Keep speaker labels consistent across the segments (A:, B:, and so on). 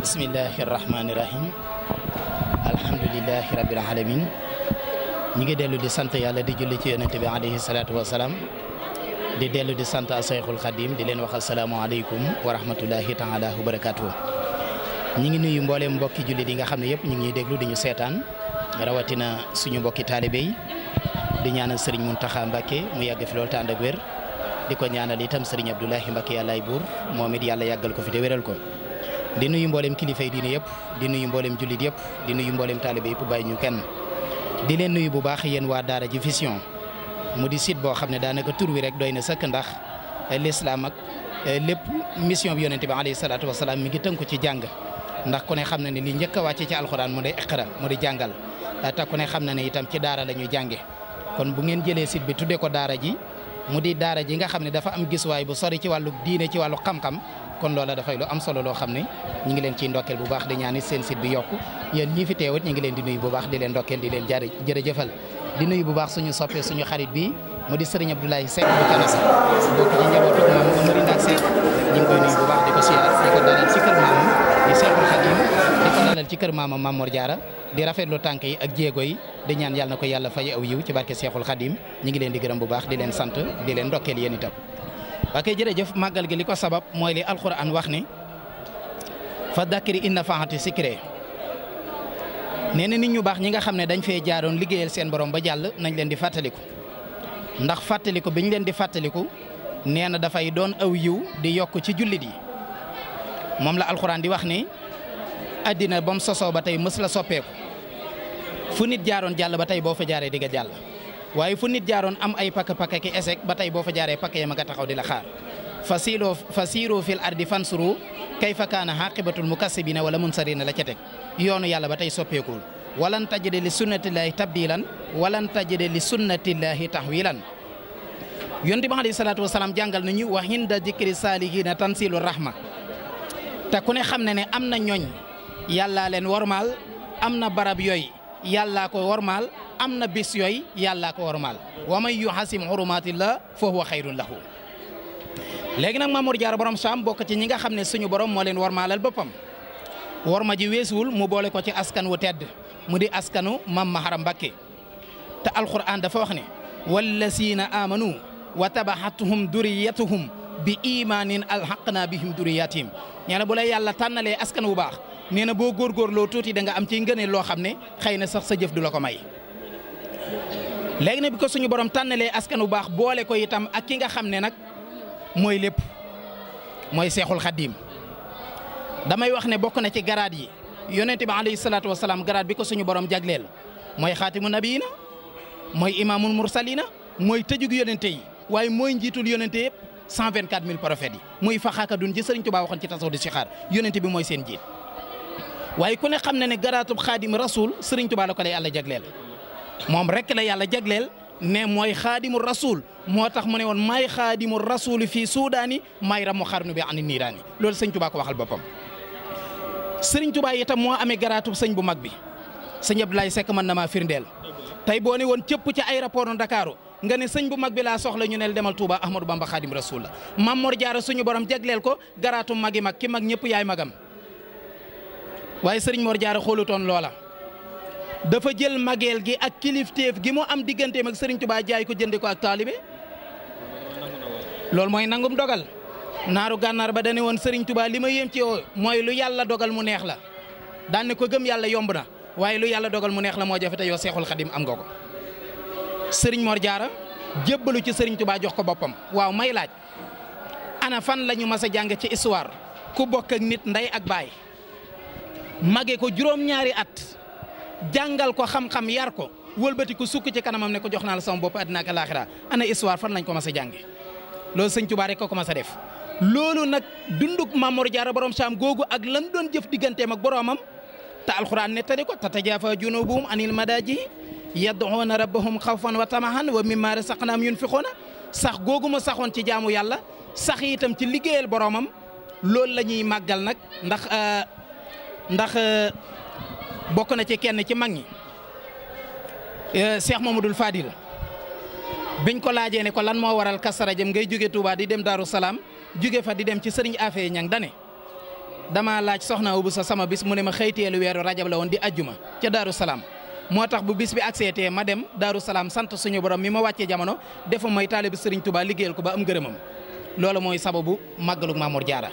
A: bismillahi rahmaani rahim alhamdulilahi rabil alamin ñi ngi dellu di sant yàlla di julli ci yonente bi alayhi salaatu wasalaam di dellu di sant asayxul xadim di leen wax asalaamualeykum wa rahmatullahi taala wa barakatuhu ñi ngi nuyu mboole mbokki julli yi nga xam ne yëpp ñu ngi déglu di seetaan rawatina suñu mbokki taalibe di ñaanal sëriñ Muntaxa Mbàkke mu yàgg fi loolu te ànd ak wér di ko ñaanal itam sëriñ Abdoulahi Mbàkke yàllaay buur moom it yàlla yàggal ko fi te ko di nuyu mboolem kilifa yi diine yëpp di nuyu mboolem jullit yëpp di nuyu mboolem taalibe yëpp bàyyi ñu kenn di leen nuyu bu baax yéen waa Daara ji Vision mu di site boo xam ne daanaka tur wi rek doy na sëkk ndax eh, lislaam ak eh, lépp mission bi yonente bi alayhi salaatu wasalaam mi ngi tënku ci jàng ndax ku ne xam na ne li njëkk a ci alxuraan mu di iqra mu di jàngal eh, te ku ne xam na ne itam ci daara la ñuy jànge kon bu ngeen jëlee site bi tuddee ko daara ji mu di daara ji nga xam ne dafa am gisuwaay bu sori ci wàllu diine ci wàllu xam kon loola dafay lu am solo loo xam ni ñu ngi leen ciy ndokkeel bu baax di ñaani seen site bi yokku yéen ñii fi teewut ñu ngi leen di nuyu bu baax di leen ndokkeel di leen jar di nuyu bu baax suñu soppee suñu xarit bi mu di Serigne bu Canessa bokk ci njabootu kër maamam di Seexul Xadim di ko dalal yi ak jéego yi di ñaan yàlla ko yàlla fay aw yiw ci barke Seexul Xadim ñu ngi leen di gërëm bu baax di leen sant di leen ndokkeel yéen itam waa kay jërëjëf màggal gi li ko sabab mooy li alxuraan wax ni fa dakkiri inna faati sikree nee na nit ñu baax ñi nga xam ne dañ fee jaaroon liggéeyal seen borom ba jàll nañ leen di fàttaliku ndax fàttaliku biñ leen di fàttaliku nee na dafay doon aw yiw di yokk ci jullit yi moom la alxuraan di wax ni addina bam sosoo ba tey mës la soppeeku fu nit jaaroon jàll ba tey boo fa jaaree di jàll waaye fu nit jaaroon am ay pakk pakk ki ba tey boo fa jaaree pakk ya ma nga taxaw di la xaar fasiiloo fasiiroo fil ardi fansuru kayfa kaana xaqibatul mukassibina wala munsarina la ca teg yoonu yàlla ba tey soppeekul walan tajida li sunnatillaahi tabdilan walan tajida li sunnatillaahi tahwilan yonent bi alayhi salaatu wasalaam jàngal nañu wa hinda dikri saalihiina tansilu rahma te ku ne xam ne ne am na ñooñ yàllaa leen wormaal am na barab yooyu yàllaa ko wormaal am na bés yooyu yàllaa ko wormaal wa man yuhasim hurumaatillah fa huwa xayrun lahu léegi nag Mamour Diarra borom saam bokk ci ñi nga xam ne suñu borom moo leen wormaalal boppam worma ji weesuwul mu boole ko ci askan wu tedd mu di askanu mam Maharam Mbakke te alquran dafa wax ne wallazina amanu wa tabaxatuhum duriyatuhum bi imaanin alxaqna bihim duriyatihim ñee ne bu la yàlla tànnalee askan wu baax neena bo gor gor lo tuuti da nga am ci ngeene lo xamne xeyna sax sa jëf du lako may. legne nag bi ko suñu borom tanale askanu bax boole ko itam ak ki nga xamne nak moy lépp moy seexul khadim damay wax ne bok na ci garaat yi yonnati bi alayhi salatu wassalam salaam garaat bi ko suñu borom jaglel moy khatimun nabiina moy imamul mursalina moy tëjug yonente yi way moy njitul yonente yëpp 124 000 prophètes yi moy fakhaka dun ji serigne touba waxon ci tasaw di si xaar yonente bi moy sen jitt waaye ku ne xam na ne garaatub xaadim rasul sëriñ Tuubaa la ko la yàlla jagleel moom rek la yàlla jagleel ne mooy xaadimu rasuul moo tax mu ne woon maay xaadimu rasul fii suudaani maay ramu xarnu bi ani niiraani loolu sëñ Tuubaa ko waxal boppam. sëriñ Tuubaa itam moo ame garaatub sëñ bu mag bi sëñëb Abdoulaye Seck mën na maa firndeel tey boo ne woon cëpp ci aéroport Ndakaaru nga ne sëñ bu mag bi laa soxla ñu ne demal Touba Ahmadou Bamba xaadim rasul la Mamor Jaara suñu borom jagleel ko garaatu magi mag ki mag ñëpp yaay magam. waaye sëriñ Mor Diarra xoolutoon loola dafa jël mageel gi ak kilifteef gi mu am digganteem ak sëriñ Tuubaa jaay ko jëndi ak taalibe loolu mooy nangum dogal naaru gànnaar ba dane woon sëriñ Tuubaa li ma yéem ci yow mooy lu yàlla dogal mu neex la daane ko gëm yàlla yomb na waaye lu yàlla dogal mu neex la moo jafe te yow seexul xadim am nga ko sëriñ Mor Diarra jébbalu ci sëriñ Tuubaa jox ko boppam waaw may laaj ana fan lañu ñu a jàng ci histoire ku bokk ak nit ndey ak baay mage ko juróom-ñaari at jàngal ko xam-xam yar ko wëlbati ko sukk ci kanamam ne ko jox naa la sama bopp àddina ak alaaxira ana histoire fan lañ commencé jànge loolu sëñ Tuubaa rek ko commencé def. loolu nag dunduk Mamor Jaara borom saam googu ak lan doon jëf digganteem ak boromam te alxuraan nettali ko ta tatajaafa junubuhum anil madaaji yad'uuna rabbahum xawfan wa tamahan wa mimmaa razaqnaahum yunfiquuna sax googu ma saxoon ci jaamu yàlla sax itam ci liggéeyal boromam loolu la ñuy màggal nag euh, ndax euh, bokk na ci kenn ci mag ñi euh, Cheikh Mamadou Fadil biñ ko laajee ne ko lan moo waral kasara jëm ngay jóge Touba di dem Darou Salaam jóge fa di dem ci sëriñ Afee ñan dane damaa laaj soxna wu bu sa sama bis mu ne ma xëyteelu weeru rajab la woon di ajjuma ca Darou Salaam moo tax bu bis bi accepté ma dem Darou Salaam sant suñu borom mi ma wàccee jamono defa mooy taalibi sëriñ Touba liggéeyal ko ba am gërëmam loolu mooy sababu màggalug Mamour Diarra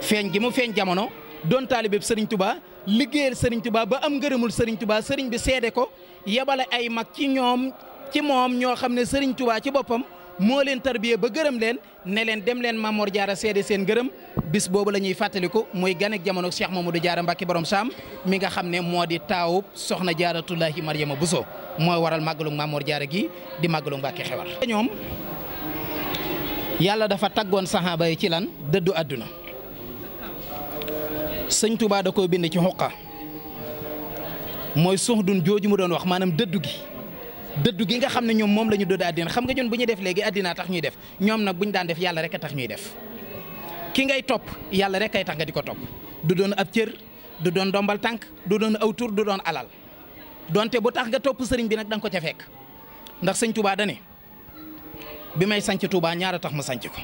A: feeñ jamono. doon taalibeb sëriñ tubaa liggéeyal sëriñ ba am ngërëmul sëriñ tubaa sëriñ bi seede ko yebale ay mag ci ñoom ci moom ñoo xam ne sëriñ tubaa ci boppam moo leen tarbiye ba gërëm leen ne leen dem leen Mamor Diarra seede seen gërëm bis boobu la ñuy fàttaliku muy ganek jamono Cheikh Mamadou Diarra mbakki borom saam mi nga xam ne moo di taawub soxna Jaaratullaahi Mariama Bousso mooy waral màggalu Mamor jaara gi di màggalu Mbacke xewar ñoom yàlla dafa taggoon saxaaba yi ci lan dëddu àdduna sëñ Touba da koo bind ci xuqa mooy suxdun jooju mu doon wax maanaam dëddu gi dëddu gi nga xam ne ñoom moom la ñu doon xam nga ñun bu ñu def léegi addina tax ñuy def ñoom nag bu ñu daan def yàlla rek a tax ñuy def ki ngay topp yàlla rek ay tax nga di ko topp du doon ab cër du doon dombal tànk du doon aw tur du doon alal donte bu tax nga topp sëriñ bi nag da ko ca fekk ndax sëñ Touba da bi may sanc Touba ñaar a tax ma sanc ko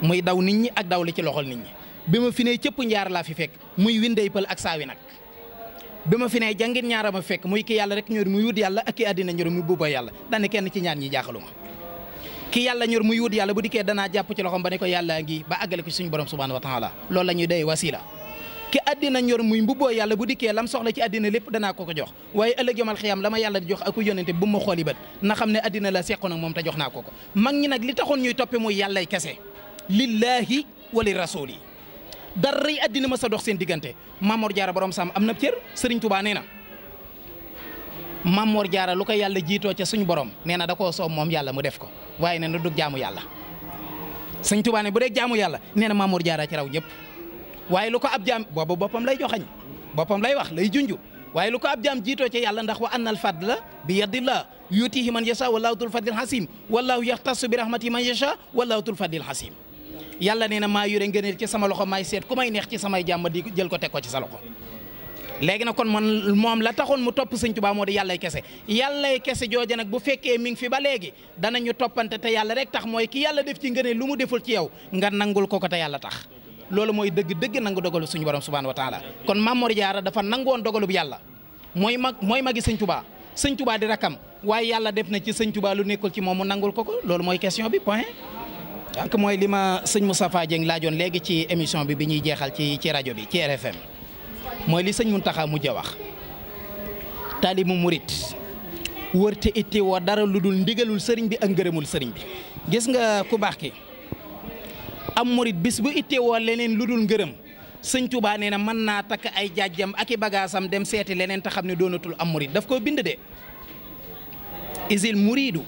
A: muy daw nit ñi ak daw ci loxol nit ñi. bi ma fi nee cëpp njaar laa fi fekk muy winday pël ak saawi nag bi ma fi nee jàngit ñaara ma fekk muy ki yàlla rek ñor mu wut yàlla ak ki àddina ñor muy buuba yàlla kenn ci ñaar ñi jaaxaluma ki yàlla ñor muy wut yàlla bu dikkee danaa jàpp ci loxoom ba ne ko yàlla ngi ba àggale ko suñu borom subhaanahu wa taala loolu la ñuy day wasila ki àddina ñor muy mbubboo yàlla bu dikkee lam soxla ci àddina lépp dana ko ko jox waaye ëllëg yomal xiyam la ma yàlla di jox ak yónnente bu ma xooli bët na xam ne àddina la seqoon ak moom te jox naa ko ko ñi nag li taxoon ñuy toppe muy yàllay kese lillahi wa li rasuli daray àddina ma sa dox seen diggante Mamor jaara borom sam am na cër Serigne Touba na Mamor jaara lu ko yàlla jiitoo ca suñu borom nee na da koo soob moom yàlla mu def ko waaye nee na dug jaamu yàlla. Sëñ Touba ne bu dee jaamu yàlla nee na Mamor Diarra ci raw ñëpp waaye lu ko ab jaam boobu boppam lay joxañ boppam lay wax lay junju waaye lu ko ab jaam jiitoo ca yàlla ndax wa annal la bi yadillah yutihi man yasha wallahu dul fadlil hasim wallahu yaxtassu bi rahmati man yasha wallahu dul fadlil hasim yàlla nee na maa yore ngëneel ci sama loxo maay seet ku may neex ci samay jàmm di jël ko te ko ci sa loxo léegi nag kon man moom la taxoon mu topp sëñ Tuubaa moo di yàllay kese yàllay kese jooja nag bu fekkee mi ngi fi ba léegi ñu toppante te yàlla rek tax mooy ki yàlla def ci ngëneel lu mu deful ci yow nga nangul ko ko te yàlla tax loolu mooy dëgg-dëgg nangu dogalu suñu borom subhaanahu wa taala kon Maam Mor Jaara dafa nangoon dogalub yàlla mooy mag mooy magi sëñ Tuubaa sëñ Tuubaa di rakam waaye yàlla def na ci sëñ Tuubaa lu nekkul ci moom mu nangul ko ko loolu mooy question bi ak mooy li ma sëñ Moustapha Dieng laajoon léegi ci émission bi bi ñuy jeexal ci ci rajo bi ci RFM mooy li sëñ Mountakha mujj a wax taalibu murit wërte itti woo dara lu dul ndigalul sëriñ bi a ngërëmul sëriñ bi gis nga ku baax ki am murit bis bu itti woo leneen lu dul ngërëm sëñ Touba nee na mën naa takk ay jaajam ak i bagaasam dem seeti leneen te xam ne doonatul am murit daf koo bind de isil muridu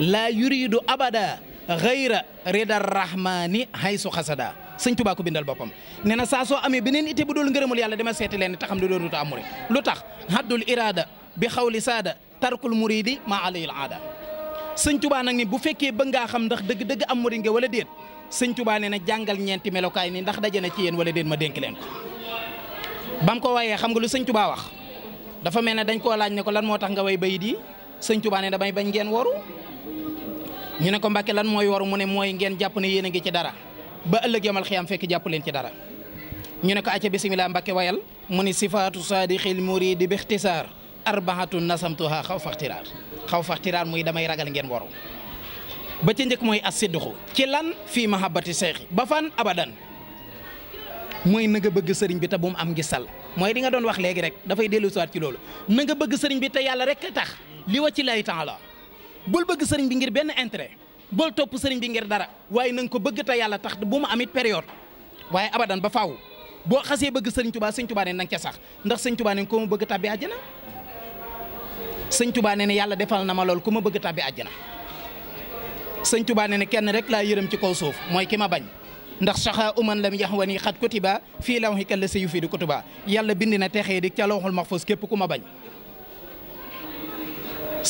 A: laa yuridu abada xayra ridar rahmani haysu xasada sëñ tubaa ko bindal boppam nee na saa soo amee beneen ité bu dul ngërëmul yàlla dama seeti leen taxam di doon duta amuri lu tax haddul irada bi xawli saada tarkul muridi ma alayil aada sëñ tubaa nag ni bu fekkee ba ngaa xam ndax dëgg-dëgg am muri nga wala déet sëñ tubaa nee na jàngal ñeenti melokaay ni ndax daje na ci yéen wala déet ma dénk leen ko bam ko waayee xam nga lu sëñ tubaa wax dafa mel ne dañ koo laaj ne ko lan moo tax nga way bayit yi sëñ tubaa ne damay bañ ngeen woru ñu ne ko mbacké lan moy waru mu ne moy ngeen japp ne yéen ngi ci dara ba ëllëg yamal xiyam fekk japp leen ci dara ñu ne ko acca bismillah mbacké wayal mu ni sifatu sadiqil murid bi ikhtisar arba'atu nasamtuha khawf ikhtirar khawf ikhtirar muy damay ragal ngeen waru ba ca njëkk mooy asidduxu ci lan fi mahabbati shaykh ba fan abadan Moy na nga bëgg sëriñ bi ta bu mu am sal moy di nga doon wax légui rek fay dellu suwat ci loolu na nga bëgg sëriñ bi ta yalla rek tax li wa ci lay ta'ala bool bëgg sëriñ bi ngir benn intérêt bul topp sëriñ bi ngir dara waaye na ko bëgg te yàlla tax bu mu amit période waaye abadan ba faaw boo xasee bëgg sëriñ tubaa sëñ tubaa ne na ca sax ndax sëñ tubaa ne ko mu bëgg tàbbi àjjana sëñ tubaa ne ne yàlla defal na ma lool ku ma bëgg tàbbi àjjana sëñ tubaa ne ne kenn rek laa yërëm ci kow suuf mooy ki ma bañ ndax saxaa uman lam yaxwani xat kutiba fii lawxika la sa yu fii di kutuba yàlla bind na texee di ca lawxul maxfuus képp ku ma bañ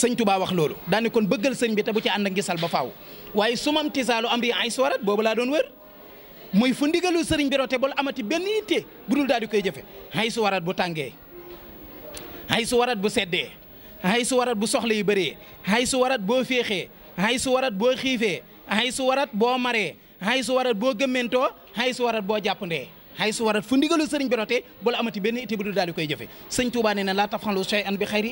A: sëñ Touba wax loolu daani kon bëggal sëñ bi te bu ci ànd ak ngisal ba faaw waaye su mam tisaalu am ri ay sorat boobu laa doon wër mooy fu ndigalu sëriñ bi rote amati benn yitte bu dul daal di koy jëfe ay su warat bu tàngee ay su warat bu seddee ay su warat bu soxla yu bëree ay su warat boo féexee ay su warat boo xiifee ay su warat boo maree ay su warat boo gëmmentoo ay su warat boo jàppandee hay su warat fu ndigalu sëriñ bi rote bul amati benn yitte bu dul daal di koy jëfe sëñ Touba na laa tafxalu shay'an bi xayri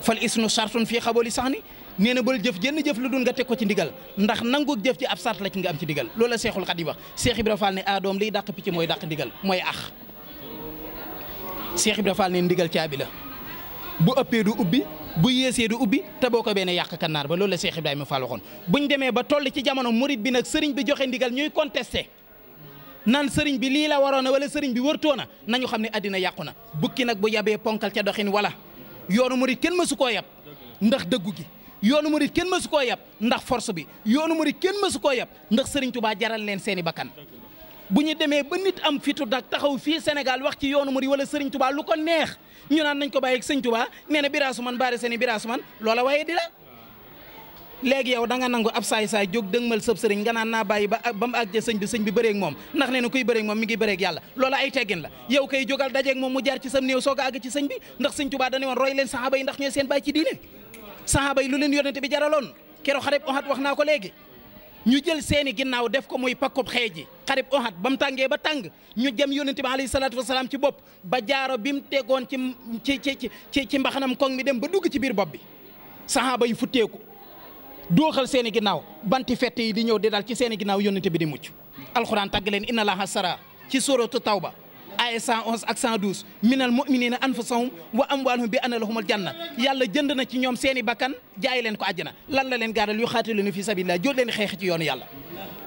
A: fal isnu sartun fii xaboli sax ni nee na jëf jënn jëf lu dul nga teg ko ci ndigal ndax nangu jëf ci ab sart la ci nga am ci ndigal loolu la seexul xadim wax seex ibra faal ne adoom ah liy dàq picc mooy dàq ndigal mooy ax seex ibra faal ne ndigal caabi la bu ëppee du ubbi bu yéesee du ubbi te boo ko benn yàq kannaar ba loolu la Cheikh Ibrahima Fall waxoon buñ demee ba toll ci jamono murid bi nag sëriñ bi joxe ndigal ñuy contesté nan sëriñ bi lii la waroon a wala sëriñ bi wërtoona nañu xam ne àddina yàqu na bukki nag bu yabee ponkal ca doxin wala yoonu mu ri kenn mësu koo yab ndax dëggu gi yoonu murit kenn mësu koo yab ndax force bi yoonu murit kenn mësu koo yab ndax Serigne Touba jaral leen seeni bakkan bu ñu demee ba nit am fitu nag taxaw fii Sénégal wax ci yoonu mu murit wala Serigne Touba lu ko neex ñu naan nañ ko bàyyi ak Serigne Touba nee na biraasu man baari seeni biraasu man loola waaye di léegi yow da nga nangu ab saay-saay jóg dëngmal sëb sëriñ nga naan naa bàyyi ba ba mu àgg sëñ bi bëreek moom ndax nee na kuy bëreeg moom mi ngi bëreeg yàlla loola ay teggin la yow koy jógal dajeeg moom mu jaar ci sam néew soog a àgg ci sëñ ndax sëñ Tuubaa dane woon roy leen saxaaba yi ndax ñooy seen bàyyi ci diine saxaaba yi lu leen yonente bi jaraloon kero xareb oxat wax naa ko léegi ñu jël seeni ginnaaw def ko muy pakkub xeej ji xarib oxat ba mu tàngee ba tàng ñu jëm yonente bi alayhi salaatu wasalaam ci bopp ba jaaro bi mu tegoon ci ci ci ci ci mbaxanam koŋ mi dem ba dugg ci biir bopp bi saxaaba yi futteeku dooxal seen i ginnaaw banti fett di ñëw de dal ci seen i ginnaaw yónnate bi di mucc alxuraan tàgg leen inna laaha sara ci suratu tawba ay 111 ak 112 minal mu'minina anfusahum wa amwaalahum bi anna lahumul janna yàlla jënd na ci ñoom seen i bakkan jaay leen ko àjjana lan la leen gaaral yu xaatiluna fi sabilillah jóot leen xeex ci yoonu yàlla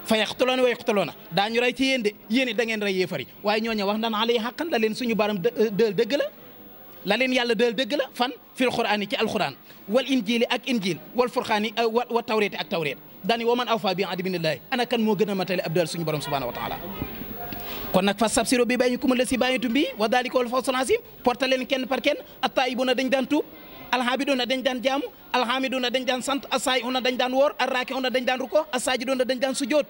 A: fa yaqtuluuna wa yuqtaluuna daañu rey ci yéen de yéen da ngeen rey yéefar yi waaye ñooñu wax naan alayhi haqqan la leen suñu baram dëgg la la leen yàlla dal dëgg la fan fil qur'aani ci alquran wal injili ak injil wal furqaani wa tawreeti ak tawreet daani wa man awfa bi ahdi minallaahi ana kan moo gën a matale abdal suñu borom subhanahu wa taala kon nag fas sabsiro bi bàyyi kumul la si bàyyitum bi wa daalika wal fawzul aziim porte leen kenn par kenn attaayibuna dañ daan tuub alhamiduna dañ daan jaamu alhamiduna dañ daan sant asaayihuna dañ daan woor arraakihuna dañ daan ruko asaajidoona dañ daan sujoot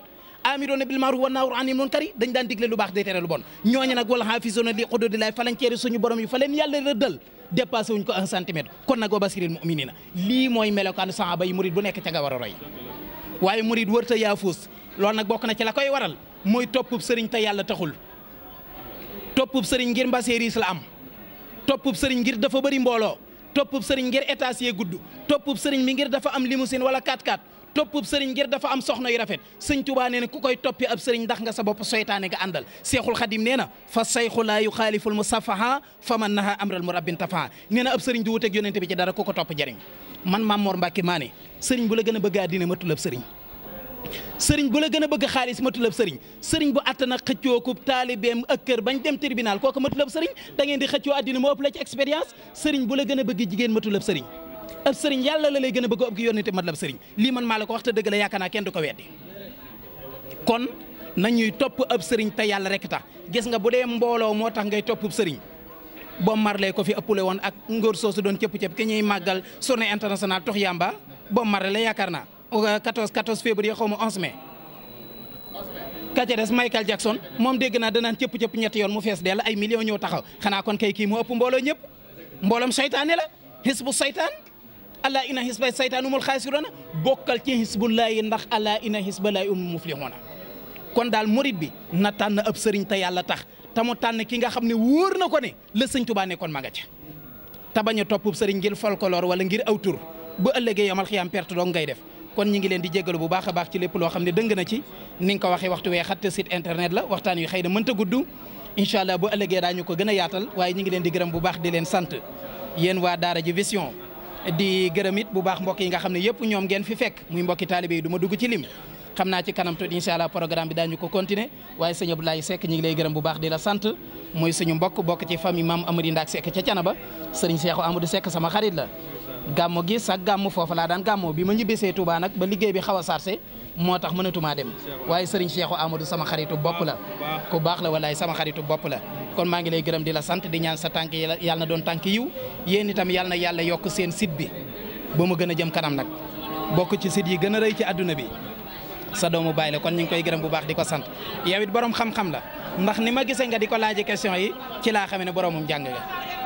A: aamiroona bil ma'ruuf wa nahawna anil munkari dañ daan digle lu baax day tere lu bon ñooñu nag wala haafizuuna li huduudillaahi falanceeri suñu borom yi fa leen yàlla rëddal dépassé wuñ ko un centimètre kon nag wa basiril mu'miniina lii mooy melokaanu sahaaba yi murid bu nekk ca nga war a roy waaye murid wërta yaafuus loolu nag bokk na ci la koy waral mooy toppub sëriñ ta yàlla taxul toppub sëriñ ngir mbaseeris la am toppub sëriñ ngir dafa bëri mbooloo toppub sëriñ ngir état yee gudd sëriñ mi ngir dafa am limousine wala 4 x top up sëriñ ngir dafa am soxna yu rafet sëñ tubaa nee na ku koy toppi ab sëriñ ndax nga sa bopp soytaane nga àndal seexul xadim nee na fa sayxu laa yuxaaliful musafaha fa man naha amra al murabbin tafa nee na ab sëriñ du wuteeg yonente bi ci dara ku ko topp jariñ man mam Mor Mbacke maa ne sëriñ bu la gën a bëgg àddina matul ab sëriñ sëriñ bu la gën a bëgg xaalis matulab sëriñ sëriñ bu attana xëccookub taalibeem ak kër bañ dem tribunal kooku matulab sëriñ da ngeen di xëccoo àddina moo ëpp la ci expérience sëriñ bu la gën a bëgg jigéen matulab sëriñ ab sëriñ yàlla la lay gën a bëgg ab ki yónni te mat la ab sëriñ lii man maa la ko wax te dëgg la yaakaar naa kenn du ko weddi kon nañuy topp ab sëriñ te yàlla rek ta gis nga bu dee mbooloo moo tax ngay topp sëriñ boo marlee ko fi ëppule woon ak ngóor soosu doon cëpp cëpp ki ñuy màggal journée internationale tox yamba boo marle la yaakaar naa 14 14 février xaw ma 11 mai. Kaceres Michael Jackson moom dégg naa danaan cëpp cëpp ñetti yoon mu fees dell ay millions ñoo taxaw xanaa kon kay kii mu ëpp mbooloo ñëpp mbooloom seytaane alaa ina xisba saytaan umul xaasirona bokkal ci xisbullaahi ndax alaa ina xisbalaahi umul muflixoona kon daal murit bi na tànn ab sëriñ te yàlla tax te mu tànn ki nga xam ne wóor na ko ne la sëñ Tuubaa nekkoon ma nga ca te bañ a topp sëriñ ngir folklore wala ngir aw tur bu ëllëgee yomal xiyaam perte dong ngay def kon ñu ngi leen di jégalu bu baax a baax ci lépp loo xam ne dëng na ci ni nga ko waxee waxtu wee xatte site internet la waxtaan yu xëy na mënta gudd incha allah bu ëllëgee daañu ko gën a yaatal ñu ngi leen di gërëm bu baax leen sant yéen waa daara ji vision di gërëm it bu baax mbokk yi nga xam ne yëpp ñoom ngeen fi fekk muy mbokki taalibe yi du ma dugg ci lim xam naa ci kanam tuuti incha allah programme bi daañu ko continuer waaye sëñ laay sekk ñu ngi lay gërëm bu baax di la sant mooy suñu mbokk bokk ci fami maam Amady Ndaak Seck ca Canaba sëriñ Seexu Amadou sekk sama xarit la gàmmo gi sax gàmmo foofu laa daan gàmmoo bi ma ñibbisee Touba nag ba liggéey bi xaw a sarse moo tax mënatumaa dem waaye sëriñ Seexu Amadou sama xaritu bopp la ku baax la walaay sama xaritu bopp la kon maa ngi lay gërëm di la sant di ñaan sa tànk yàlla na doon tànk yiw yéen itam yàlla na yàlla yokk seen site bi ba mu gën a jëm kanam nag bokk ci sit yi gën a rëy ci àdduna bi sa doomu baay la kon ñu ngi koy gërëm bu baax di ko sant yow it borom xam-xam la ndax ni ma gisee nga di ko laajee question yi ci laa xamee ne boromum jàng nga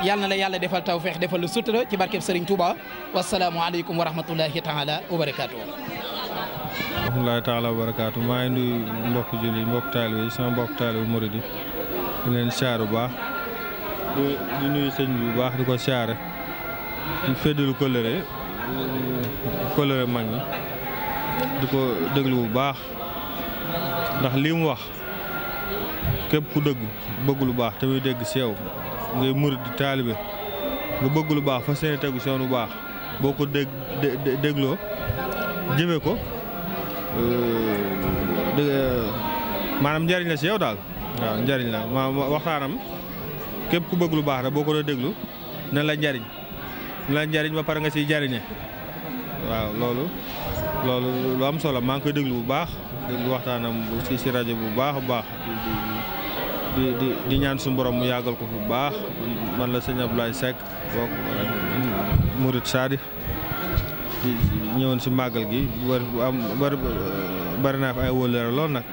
A: yàlla na la yàlla defal tawfeex defal lu sutura ci barkeb Serigne Touba wasalaamualeykum wa rahmatullahi taala wa barakaatu. wa
B: rahmatullahi taala wa barakaatu maa ngi nuyu mbokk julli mbokk taalibe sama mbokk taalibe murid di leen siyaar bu baax di di nuyu bi bu baax di ko siyaare di féddul kóllëre kóllëre mag ñi di ko déglu bu baax ndax lii mu wax képp ku dëgg bëgg lu baax te muy dégg seew ngay murit di taalibe nga bëgg lu baax fa seeni tegu seen bu baax boo ko dégg dégloo jëfe ko euh, euh, maanaam njariñ la si daal waaw njariñ la ma waxtaanam képp ku bëgg lu baax rek boo ko doon déglu na la njariñ na la njariñ ba pare nga siy jariñe waaw loolu loolu lu am solo maa ngi koy déglu bu baax déglu waxtaanam si si rajo bu baax baax di di di ñaan suñu borom mu yàggal ko bu baax man la sëñ Abdoulaye Seck bokk Mourid Sadi di ñëwoon si màggal gi war am war bari ay wóllëre lool nak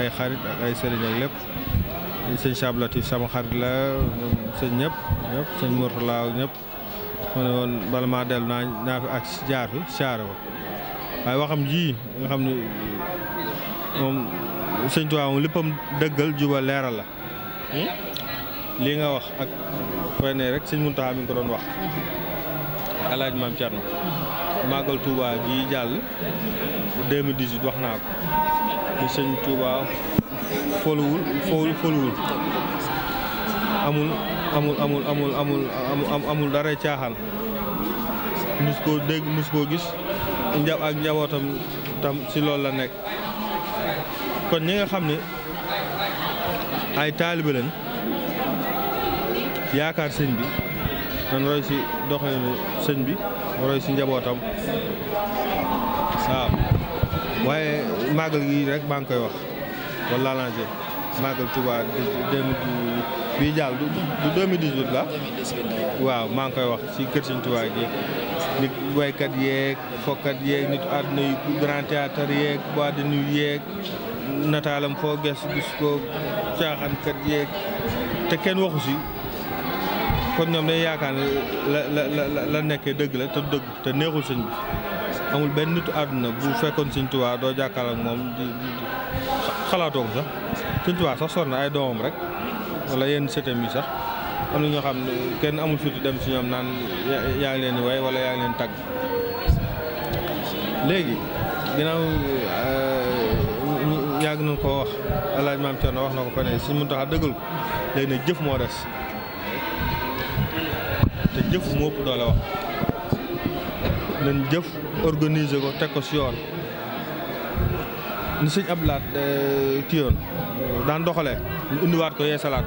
B: ay xarit ak ay sëriñ ak lépp sëñ Chablatif sama xarit la sëñ ñëpp nyep, sëñ Mourtala ak ñëpp ma ne woon bala maa fi ak jaar fi saare ko waaye waxam ji nga xam ne moom sëñ Tuubaa moom léppam juba la nga wax ak fay rek sëñ Muntaxa mi ngi ko doon wax alaaj maam Cerno màggal 2018 wax naa ko mu sëñ Touba foluwul foluwul foluwul amul amul amul amul amul amul dara caaxaan mus koo dégg mus koo gis nja ak njabootam tam si loolu la nekk kon ñi nga xam ni ay taalibe lañ yaakaar sëñ bi nan roy si doxalinu sëñ bi roy si njabootam waaw waaye màggal gi rek maa ngi koy wax wala lancé màggal Touba deux mille bii jàll du du deux mille dix-huit la waaw maa ngi koy wax ci kër Sëñ Touba gi nit waykat yeeg fokkat yeeg nit àdduna yu grand théâtre yeeg bois de nuit nataalam foo ges gis ko caaxaankat yeeg te kenn waxu si kon ñoom day yaakaar ne la la la la nekkee dëgg la te dëgg te neexul sëñ bi amul benn nitu àdduna bu fekkoon Sëñ Tuubaa doo jàkkaarloo ak moom di xalaatoo ko sax Sëñ Tuubaa sax sor ay doomam rek wala yenn sëtam yi sax am na ñoo xam ne kenn amul fitu dem si ñoom naan yaa ngi leen di way wala yaa ngi leen tagg léegi ginnaaw euh, yàgg nañ koo wax alaaj maam Cerno wax na ko fa ne si mun tax a dëggal ko léegi nag jëf moo des te jëf moo ëpp doole wax nañ jëf organise ko teg ko si yoon ni sëñ Abdou Lahad eh, kii yoon daan doxalee ñu indiwaat ko yeesalaat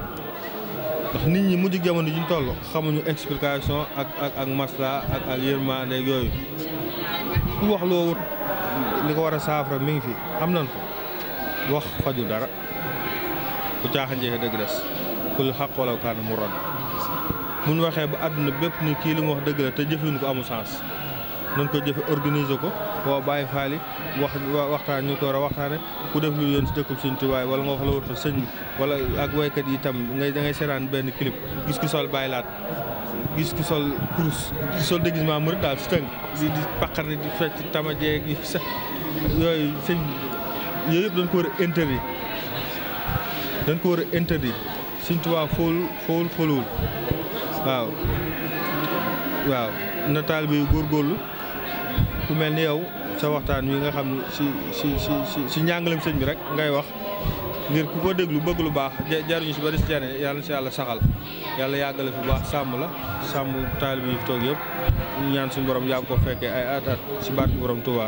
B: ndax nit ñi mujj jamono ji ñu toll xamuñu explication ak ak ak masla ak ak yooyu ku wax loo wut li ko war a saafara mi ngi fi am nañ ko wax faju dara ku caaxaan jeexee dëgg des ku li xaq wala kaan mu ron bu ñu waxee ba àdduna bépp ni kii li mu wax dëgg la te jëfin ko amul sens. nañ ko jëfe organiser ko woo bàyyi faali wax waxtaan ñu ko war a waxtaane ku def lu yoon si dëkkub sëñ Tuubaa wala nga wax la wërta sëñ bi wala ak waykat yi itam ngay da ngay benn clip gis ki sol bàyyi laat gis ku sol kurus gis sol déguisement murid daal si tënk di di paqar di fecc tamajeeg yi sax yooyu sëñ yooyu yëpp dañ ko war a interdit dañ ko war a interdit sëñ Tuubaa fóol fóol fóoluwul waaw waaw na taalibe yu góorgóorlu ku mel ni yow sa waxtaan wi nga xam ni si si si si si njàngalem sëñ bi rek ngay wax ngir ku ko déglu bëgg lu baax jariñu si bari si jane yàlla si yàlla saxal yàlla yàggale bu baax sàmm la sàmm taalib yi fi toog yëpp ñaan suñu borom yàgg ko fekkee ay at at si barke borom Touba.